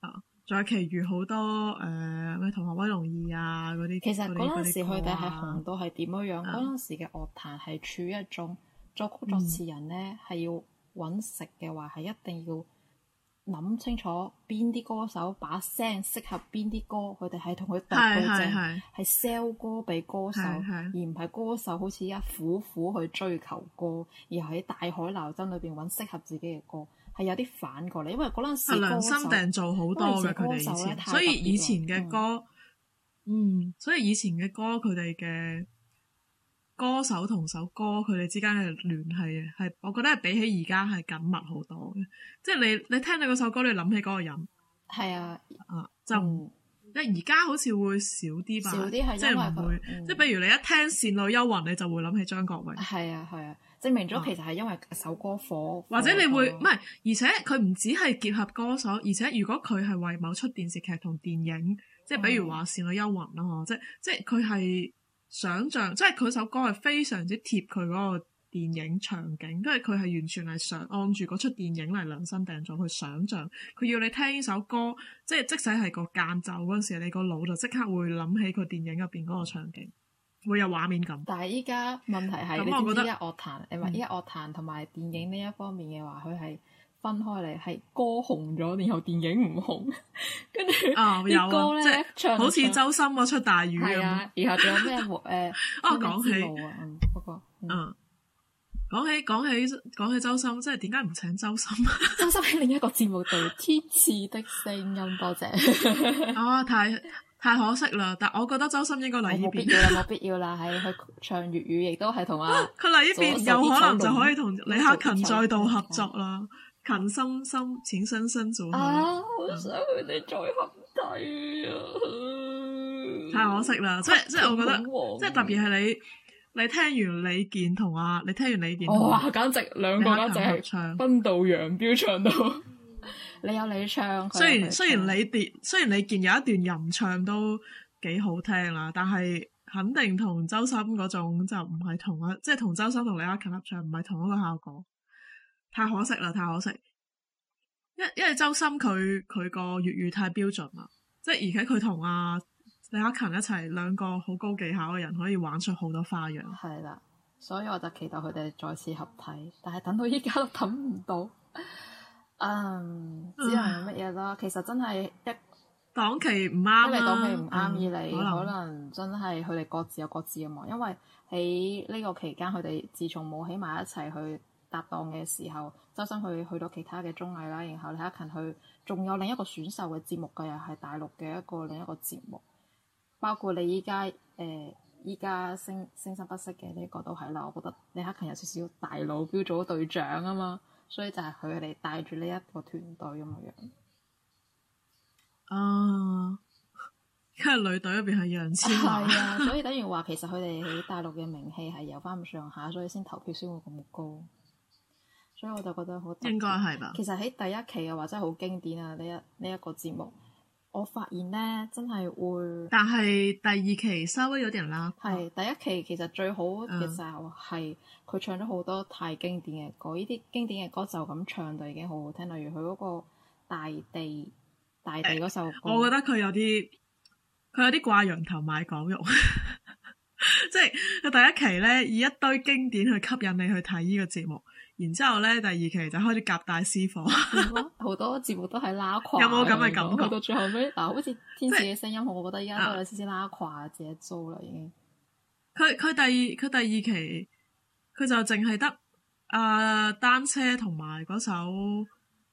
啊，仲有其餘好多誒咩《逃、呃、學威龍二》啊嗰啲。其實嗰陣那那時佢哋係紅到係點樣樣？嗰陣、啊、時嘅樂壇係處於一種。作曲作詞人呢，係、嗯、要揾食嘅話，係一定要諗清楚邊啲歌手把聲適合邊啲歌，佢哋係同佢特佢正，係 sell 歌畀歌手，而唔係歌手好似而家苦苦去追求歌，而喺大海撈針裏邊揾適合自己嘅歌，係有啲反過嚟，因為嗰陣時量身訂造好多嘅歌手。所以以前嘅歌，嗯，所以以前嘅歌佢哋嘅。歌手同首歌佢哋之間嘅聯繫係，我覺得係比起而家係緊密好多嘅。即係你你聽到嗰首歌，你諗起嗰個人。係啊，啊就，嗯、因為而家好似會少啲吧？少啲係因為，嗯、即係比如你一聽《倩女幽魂》，你就會諗起張國榮。係啊係啊，啊，證明咗其實係因為首歌火。啊、火或者你會唔係？嗯、而且佢唔止係結合歌手，而且如果佢係為某出電視劇同電影，即係比如話《倩女幽魂》啦、嗯，即即係佢係。想象即係佢首歌係非常之貼佢嗰個電影場景，因為佢係完全係想按住嗰出電影嚟量身定做去想像，佢要你聽呢首歌，即係即使係個間奏嗰陣時，你個腦就即刻會諗起佢電影入邊嗰個場景，會有畫面感。但係依家問題係，咁我覺得，依家樂壇誒，唔係樂壇同埋電影呢一方面嘅話，佢係。分開嚟係歌紅咗，然後電影唔紅，跟住有歌咧唱好似周深嗰出大雨啊！然後仲有咩誒？哦，講起，嗯，嗰個，嗯，講起講起講起周深，即係點解唔請周深？周深喺另一個節目度《天賜的聲音》多謝，啊，太太可惜啦！但係我覺得周深應該嚟呢邊，冇必要啦，冇必要啦，喺去唱粵語，亦都係同啊佢嚟呢邊有可能就可以同李克勤再度合作啦。勤心深，淺心心做。啊！好、嗯、想佢哋再合體啊！太可惜啦， *laughs* 即係即係我覺得， *laughs* 即係特別係你，你聽完李健同阿、啊，你聽完李健同、啊哦。哇！簡直兩個一齊合唱分道揚鑣，唱到 *laughs* 你有你唱，佢有佢唱雖然雖然李健雖然李健有一段吟唱都幾好聽啦，但係肯定周同，就係、同周深嗰種就唔係同一，即係同周深同李克勤合唱唔係同一個效果。太可惜啦！太可惜，因因為周深佢佢個粵語太標準啦，即係而且佢同阿李克勤一齊兩個好高技巧嘅人，可以玩出好多花樣。係啦，所以我就期待佢哋再次合體，但係等到依家都等唔到。嗯、 *laughs* um， *laughs* 只後係乜嘢啦？其實真係一檔期唔啱啦，檔期唔啱，以嚟、嗯、可、可能真係佢哋各自有各自嘅忙。因為喺呢個期間，佢哋自從冇起埋一齊去，搭檔嘅時候，周深去去到其他嘅綜藝啦，然後李克勤去，仲有另一個選秀嘅節目嘅，又係大陸嘅一個另一個節目，包括你依家誒依家聲生不息嘅呢一個都係啦。我覺得李克勤有少少大佬，標做隊長啊嘛，所以就係佢哋帶住呢一個團隊咁嘅樣。啊，咁係女隊入邊係楊千嬅啊，啊 *laughs* 所以等於話其實佢哋喺大陸嘅名氣係有翻咁上下，所以先投票先會咁高。所以我就覺得好應該係吧。其實喺第一期嘅話，真係好經典啊！呢一呢一個節目，我發現咧真係會。但係第二期稍微有啲人啦。係第一期其實最好嘅時候係佢唱咗好多太經典嘅歌，呢啲經典嘅歌就咁唱就已經好好聽。例如佢嗰個大地大地嗰首歌，欸。我覺得佢有啲佢有啲掛羊頭賣狗肉，即係佢第一期咧以一堆經典去吸引你去睇呢個節目。然之後咧，第二期就開始夾帶私貨，好目 *laughs* 多節目都係拉垮。有冇咁嘅感覺？到最後尾嗱，好似《天使嘅聲音》，我覺得依家都有少少拉垮，自己做啦已經。佢佢第二佢第二期佢就淨係得啊單車同埋嗰首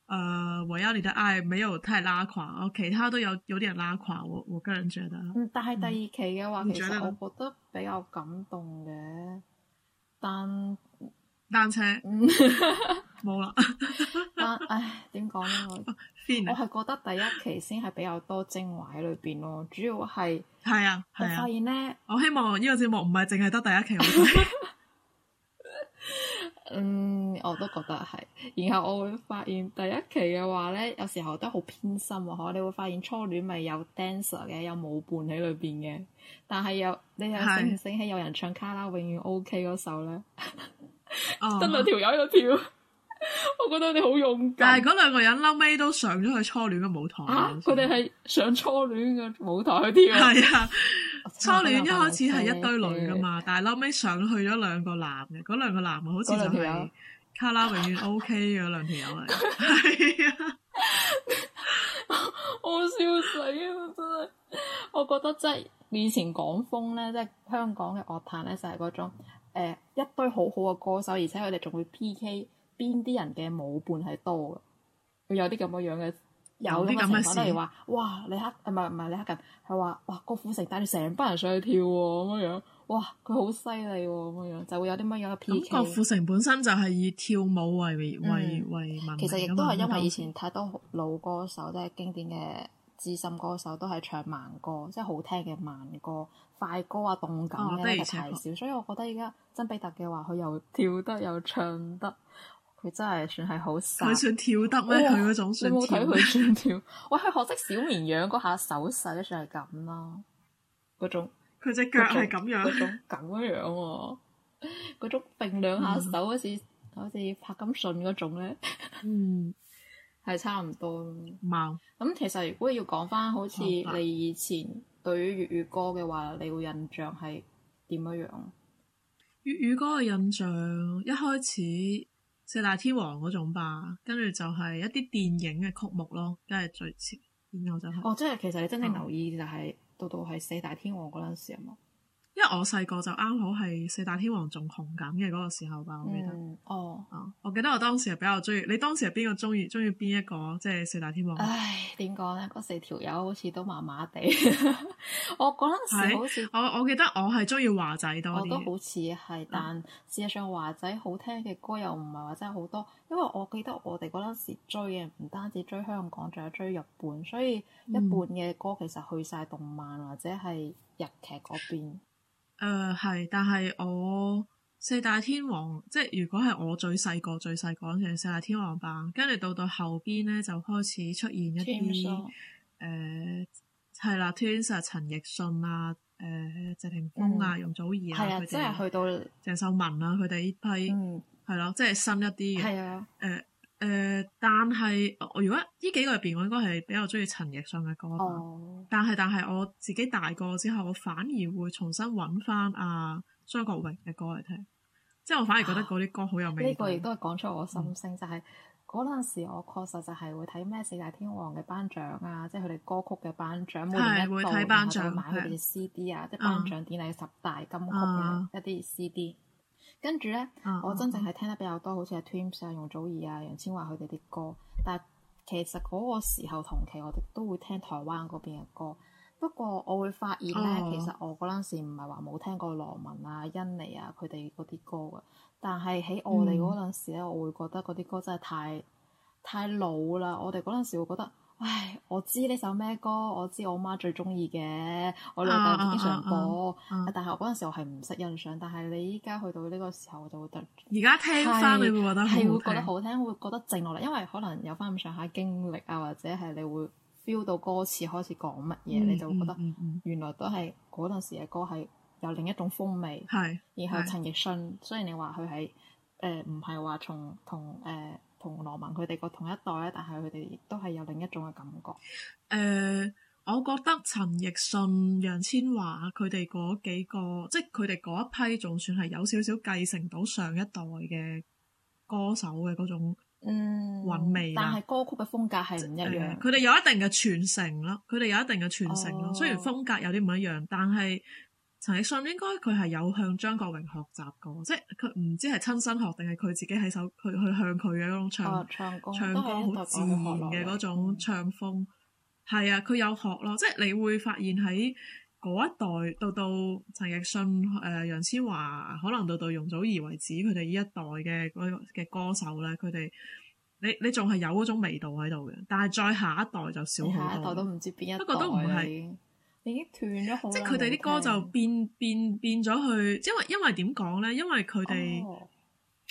誒我要你的愛，沒有太拉垮，其他都有有啲人拉垮。我我個人覺得。 *laughs* 但係第二期嘅話，嗯，其實我覺得比較感動嘅，但。單車，冇啦 *laughs* 沒了。唉，點講咧？ *laughs* 我我係覺得第一期先係比較多精華喺裏邊咯，主要係係啊，係發現咧，我希望呢個節目唔係淨係得第一期。嗯，我都覺得係。然後我會發現第一期嘅話咧，有時候都好偏心啊！你會發現初戀咪有 dancer 嘅，有舞伴喺裏邊嘅，但係又你又醒唔醒起有人唱卡拉永遠 OK 嗰首咧？ *laughs* 真係條友喺度跳，我覺得你好勇敢。但係嗰兩個人嬲尾都上咗去初戀嘅舞台。啊，佢哋係上初戀嘅舞台去跳。係啊，初戀一開始係一堆女噶嘛，但係嬲尾上去咗兩個男嘅。嗰兩個男嘅好似就係卡拉永遠 OK 嗰兩條友嚟。係啊，我笑死，我真係，我覺得真係以前港風咧，即係香港嘅樂壇咧，就係嗰種。誒、欸、一堆好好嘅歌手，而且佢哋仲會 P K 邊啲人嘅舞伴係多嘅，會有啲咁嘅樣嘅。有啲咁嘅事。可能係話，哇李克唔係，唔係，李克勤，佢話，哇，哇郭富城帶住成班人上去跳喎、啊、咁樣，樣，哇佢好犀利咁樣，樣，就會有啲乜樣嘅 P K。咁郭富城本身就係以跳舞為為、嗯、為慢歌嘅嘛。其實亦都係因為以前太多老歌手，嗯、即係經典嘅資深歌手都係唱慢歌，即係好聽嘅慢歌。快歌啊，動感咧就太少，所以我覺得而家曾比特嘅話，佢又跳得又唱得，佢真係算係好曬。佢算跳得咩？佢嗰種，你冇睇佢跳跳？喂，學識小綿羊嗰下手勢算係咁啦。嗰種佢隻腳係咁樣嗰種咁樣樣喎，嗰種並兩下手好似好似柏金遜嗰種咧，嗯，係差唔多咯。冇。咁其實如果要講返好似你以前。對於粵語歌嘅話，你會印象係點樣樣？粵語歌嘅印象，一開始四大天王嗰種吧，跟住就係一啲電影嘅曲目咯，跟住最前，然後就係、是、哦，即係其實你真正留意就係、哦、到到係四大天王嗰陣時有冇？因為我細個就啱好係四大天王仲紅緊嘅嗰個時候吧，我記得。嗯、哦，哦，我記得我當時係比較中意。你當時係邊個中意？中意邊一個即係四大天王？唉，點講咧？嗰四條友好似都麻麻地。 *laughs* 我嗰陣時好似我，我記得我係中意華仔多啲。我都好似係，嗯、但事實上華仔好聽嘅歌又唔係話真係好多，因為我記得我哋嗰陣時追嘅唔單止追香港，仲有追日本，所以一半嘅歌其實去晒動漫或者係日劇嗰邊。嗯誒係、呃，但係我四大天王，即係如果係我最細個最細講嘅四大天王吧，跟住到到後邊咧就開始出現一啲誒係啦，Twins 啊，陳奕迅啊，誒、呃、謝霆鋒啊，嗯、容祖兒啊，佢哋，係啊，們即係去到鄭秀文啊，佢哋呢批，係咯、嗯，即係新一啲嘅，誒、啊。嗯呃誒、呃，但係我如果呢幾個入邊，我應該係比較中意陳奕迅嘅歌。哦，但係但係我自己大個之後，我反而會重新揾翻阿張國榮嘅歌嚟聽，即係我反而覺得嗰啲歌好有味道。呢、啊這個亦都係講出我心聲，嗯、就係嗰陣時我確實就係會睇咩四大天王嘅頒獎啊，即係佢哋歌曲嘅頒獎每年一度，會然後會買佢哋 CD 啊，是即係頒獎典禮十大金曲啊，一啲 CD。啊啊跟住呢，哦、我真正係聽得比較多，哦哦、好似係 Twins 啊、容祖兒啊、楊千嬅佢哋啲歌。但係其實嗰個時候同期，我哋都會聽台灣嗰邊嘅歌。不過我會發現呢，哦、其實我嗰陣時唔係話冇聽過羅文啊、甄妮啊佢哋嗰啲歌嘅。但係喺我哋嗰陣時呢，嗯、我會覺得嗰啲歌真係太太老啦。我哋嗰陣時會覺得。唉，我知呢首咩歌，我知我媽最中意嘅，我老豆經常播，啊啊啊啊、但係嗰陣時我係唔識欣賞。但係你依家去到呢個時候，我就會突而家聽翻，係你會覺得係會覺得好聽，會覺得靜落嚟，因為可能有翻咁上下經歷啊，或者係你會 feel 到歌詞開始講乜嘢，嗯、你就會覺得原來都係嗰陣時嘅歌係有另一種風味。係、嗯，嗯嗯嗯嗯、然後陳奕迅、嗯嗯、雖然你話佢係誒唔係話從同誒。同羅文佢哋個同一代咧，但係佢哋亦都係有另一種嘅感覺。誒、呃，我覺得陳奕迅、楊千嬅佢哋嗰幾個，即係佢哋嗰一批，仲算係有少少繼承到上一代嘅歌手嘅嗰種運嗯韻味啦。但係歌曲嘅風格係唔一樣。佢哋、呃、有一定嘅傳承咯，佢哋有一定嘅傳承咯。哦、雖然風格有啲唔一樣，但係。陳奕迅應該佢係有向張國榮學習過，即係佢唔知係親身學定係佢自己喺手佢去，去向佢嘅嗰種唱，哦、唱歌唱歌好自然嘅嗰種唱風。係、嗯嗯、啊，佢有學咯，即係你會發現喺嗰一代到到陳奕迅誒、呃、楊千嬅，可能到到容祖兒為止，佢哋呢一代嘅嘅歌手咧，佢哋你你仲係有嗰種味道喺度嘅，但係再下一代就少好多，都唔知邊一代，不一代。不過都唔係。已經斷咗即係佢哋啲歌就變變變咗去，因為因為點講咧？因為佢哋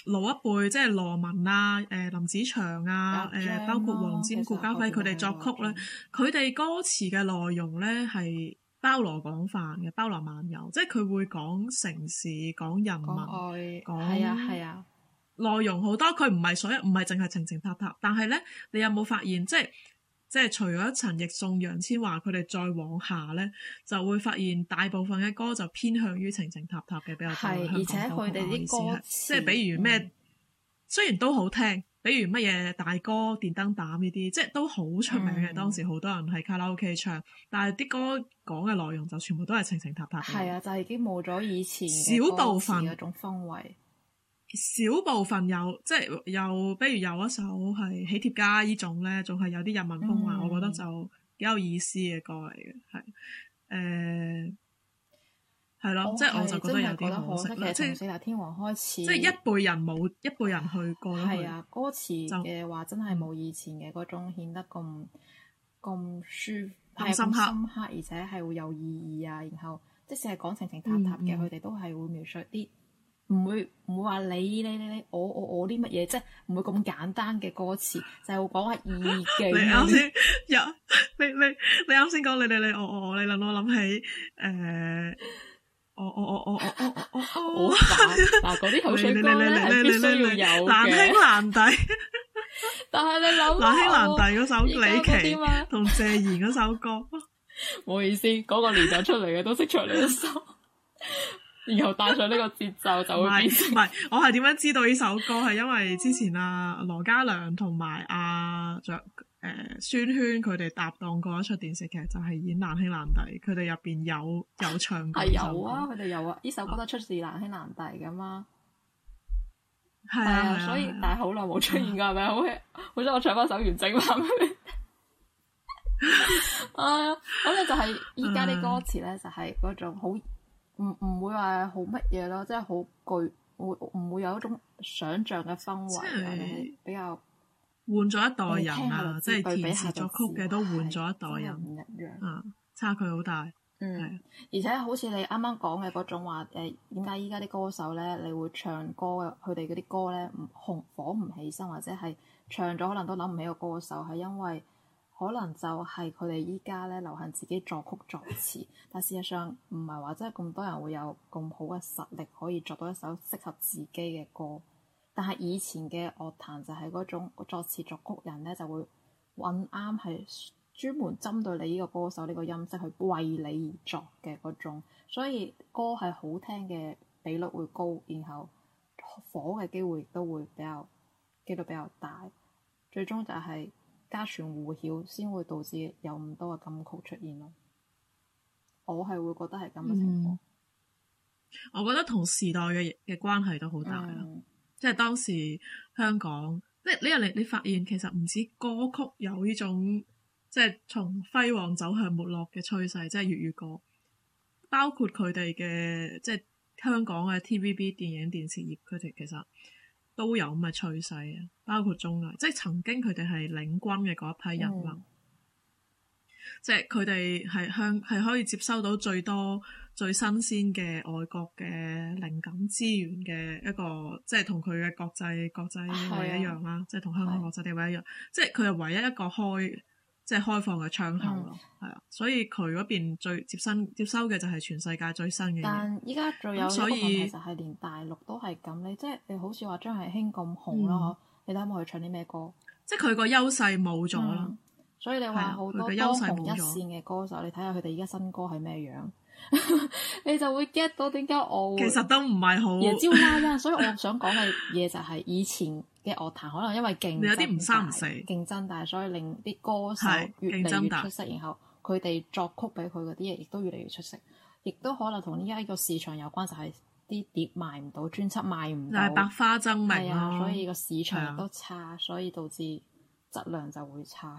老一輩，即係羅文啊、誒、呃、林子祥啊、誒、啊呃、包括黃霑、顧家輝佢哋作曲咧，佢哋、嗯、歌詞嘅內容咧係包羅廣泛嘅，包羅萬有，即係佢會講城市、講人文、講愛，係啊係啊，內容好多，佢唔係所有，唔係淨係情情塔塔。但係咧，你有冇發現即係？即係除咗陳奕迅、楊千嬅佢哋再往下咧，就會發現大部分嘅歌就偏向於情情塔塔嘅比較多，而且佢哋啲歌即係比如咩，嗯、雖然都好聽，比如乜嘢大哥電燈膽呢啲，即係都好出名嘅。嗯、當時好多人喺卡拉 OK 唱，但係啲歌講嘅內容就全部都係情情塔塔。係啊，就係、是、已經冇咗以前少部分嗰種氛圍。小部分有，即係有，比如有一首係喜帖街呢種咧，仲係有啲人文風華，我覺得就幾有意思嘅歌嚟嘅，係誒係咯，即係我就覺得有啲可惜啦。即係四大天王開始，即係一輩人冇一輩人去過。係啊，歌詞嘅話真係冇以前嘅嗰種顯得咁咁舒服，係咁深刻，而且係會有意義啊。然後即使係講情情塔塔嘅，佢哋都係會描述一啲。唔會唔會話你你你你，我我我啲乜嘢，即係唔會咁簡單嘅歌詞，就係講下意境、 *laughs* yeah。你啱先有你你你啱先講你你你我我我，你諗我諗起誒，我我我我我我好我，嗱嗰啲口水歌 *laughs* *laughs* *laughs* 你你你你你有。難兄難弟，但係你諗難兄難弟嗰首李琦同謝賢嗰首歌，冇 *laughs* *laughs* 意思，嗰、那個年代出嚟嘅都識唱呢一首。 *laughs* 然後帶上呢個節奏就會變，唔係我係點樣知道呢首歌係，因為之前啊羅嘉良同埋阿，仲有誒孫軒佢哋搭檔過一出電視劇，就係演難兄難弟。佢哋入邊有有唱過。係有啊，佢哋有啊。呢首歌都出自難兄難弟噶嘛。係啊，所以但係好耐冇出現㗎，係咪？好 h 好想我唱翻首完整版。哎呀，咁咧就係依家啲歌詞咧，就係嗰種好。唔唔會話好乜嘢咯，即係好巨，我唔會，會有一種想像嘅氛圍啊，是比較換咗一代人啊，人即係填詞作曲嘅都換咗一代人，唔一樣，嗯，差距好大，嗯，是而且好似你啱啱講嘅嗰種話，誒點解依家啲歌手咧，你會唱歌嘅佢哋嗰啲歌咧，紅火唔起身，或者係唱咗可能都諗唔起個歌手，係因為。可能就係佢哋依家咧，流行自己作曲作詞，但事實上唔係話真係咁多人會有咁好嘅實力可以作到一首適合自己嘅歌。但係以前嘅樂壇就係嗰種作詞作曲人咧，就會揾啱係專門針對你呢個歌手呢個音色去為你而作嘅嗰種，所以歌係好聽嘅比率會高，然後火嘅機會都會比較機率比較大，最終就係、是。家傳戶曉，先會導致有咁多嘅金曲出現咯。我係會覺得係咁嘅情況、嗯。我覺得同時代嘅嘅關係都好大咯。嗯、即係當時香港，即係呢日你你，你發現其實唔止歌曲有呢種，即係從輝煌走向沒落嘅趨勢，即係粵語歌，包括佢哋嘅即係香港嘅 TVB 電影電視業，佢哋其實。都有咁嘅趨勢啊，包括中啊，即係曾經佢哋係領軍嘅嗰一批人啦，嗯、即係佢哋係向係可以接收到最多最新鮮嘅外國嘅靈感資源嘅一個，即係同佢嘅國際國際地位一樣啦，啊、即係同香港國際地位一樣，啊、即係佢係唯一一個開。即係開放嘅窗口咯，係啊、嗯，所以佢嗰邊最接新接收嘅就係全世界最新嘅嘢。但依家最有嘅部分、嗯、所以其實係連大陸都係咁咧，你即係你好似話張藝興咁紅啦，嗯、你睇下佢唱啲咩歌？即係佢個優勢冇咗啦，所以你話好多當紅一線嘅歌手，你睇下佢哋而家新歌係咩樣？ *laughs* 你就會 get 到點解我、啊、其實都唔係好招花。 *laughs* 所以我想講嘅嘢就係以前嘅樂壇可能因為競爭大，有啲唔三唔四，競爭大，所以令啲歌手越嚟越出色，然後佢哋作曲俾佢嗰啲嘢亦都越嚟越出色，亦都可能同依家個市場有關，就係、是、啲碟賣唔到，專輯賣唔到，但係百花爭鳴啊，啊，所以個市場都差，啊、所以導致質量就會差，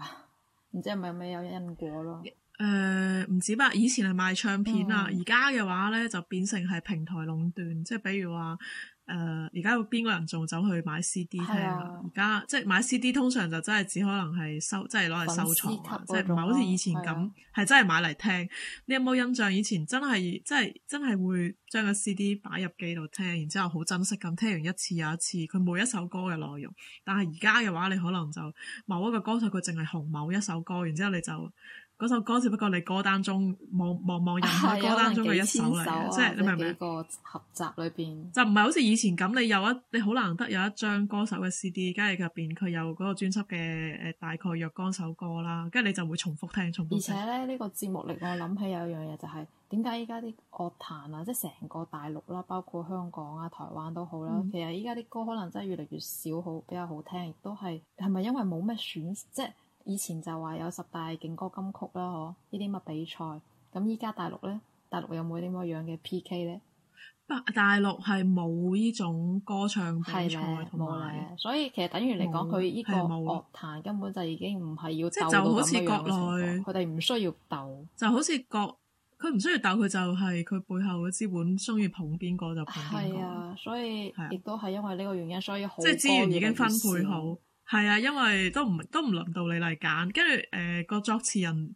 唔知係咪咪有因果咯。誒唔、呃、止吧，以前係賣唱片啊。而家嘅話咧就變成係平台壟斷，即係比如話誒，而家會邊個人仲走去買 CD 聽啊？而家、嗯、即係買 CD 通常就真係只可能係收，即係攞嚟收藏，即係唔係好似以前咁係、嗯、真係買嚟聽。你有冇印象以前真係即係真係會將個 CD 擺入機度聽，然之後好珍惜咁聽完一次又一次佢每一首歌嘅內容。但係而家嘅話，你可能就某一個歌手佢淨係紅某一首歌，然之後你就。嗰首歌只不過你歌單中望望望入歌單中嘅一首嚟，即係你明唔明？幾，幾個合集裏邊就唔係好似以前咁，你有一你好難得有一張歌手嘅 CD，跟住入邊佢有嗰個專輯嘅誒、呃、大概若干首歌啦，跟住你就會重複聽重複聽，聽而且咧，呢、呢個節目令我諗起有一樣嘢、就係，就係點解依家啲樂壇啊，即係成個大陸啦，包括香港啊、台灣都好啦，嗯、其實依家啲歌可能真係越嚟越少好比較好聽，亦都係係咪因為冇咩選擇即係？以前就話有十大勁歌金曲啦，嗬！依啲乜比賽，咁依家大陸咧，大陸有冇啲乜樣嘅 P.K. 咧？大陸係冇呢種歌唱比賽同埋，所以其實等於嚟講，佢呢個樂壇根本就已經唔係要鬥就，就好似國內，佢哋唔需要鬥。就好似國，佢唔需要鬥，佢就係佢背後嘅資本，中意捧邊個就捧邊個。係啊，所以亦都係因為呢個原因，所以好即係資源已經分配好。係啊，因為都唔都唔輪到你嚟揀，跟住誒個作詞人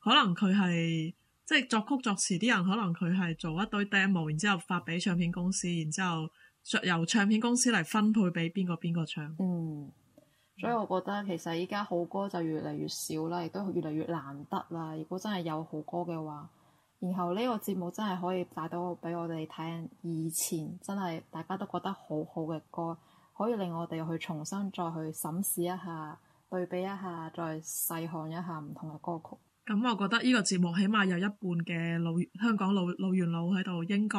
可能佢係即係作曲作詞啲人，可能佢係做一堆 demo，然之後發俾唱片公司，然之後由唱片公司嚟分配俾邊個邊個唱。嗯，所以我覺得其實依家好歌就越嚟越少啦，亦都越嚟越難得啦。如果真係有好歌嘅話，然後呢個節目真係可以帶到俾我哋睇，以前真係大家都覺得好好嘅歌。可以令我哋去重新再去審視一下，對比一下，再細看一下唔同嘅歌曲。咁、嗯、我覺得呢個節目起碼有一半嘅老香港老老元老喺度，應該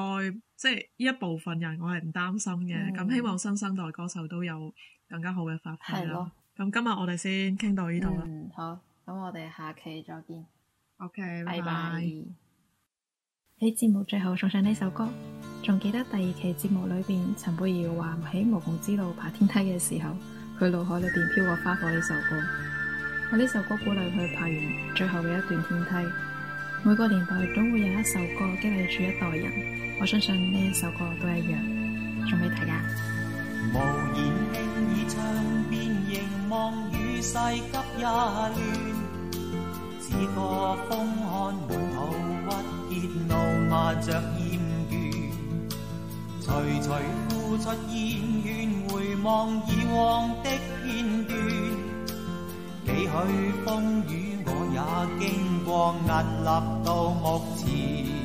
即係呢一部分人，我係唔擔心嘅。咁、嗯嗯、希望新生代歌手都有更加好嘅發揮啦。咁的今日我哋先傾到呢度啦。好，咁我哋下期再見。OK，拜拜。Bye bye。喺節目最後，送上呢首歌。仲記得第二期節目裏邊陳貝兒話喺無窮之路爬天梯嘅時候，佢腦海裏邊飄過花火呢首歌，我呢首歌鼓勵佢爬完最後嘅一段天梯。每個年代總會有一首歌激勵住一代人，我相信呢一首歌都一樣，送俾大家。無言輕倚窗邊世，凝望雨勢急，一亂，似個風看滿頭屈，怒罵着厭倦，徐徐呼出煙圈，回望以往的片段，幾許風雨我也經過屹立到目前。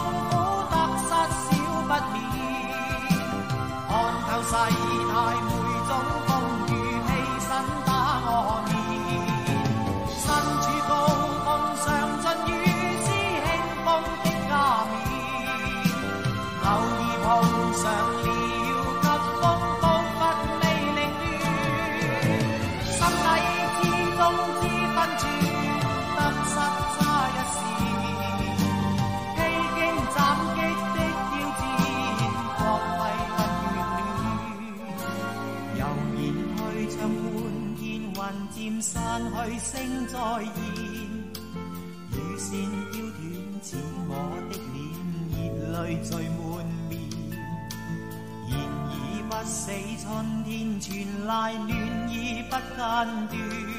聲再現，雨線飄斷似我的臉，熱淚聚滿面。然而不死春天傳來暖意不間斷。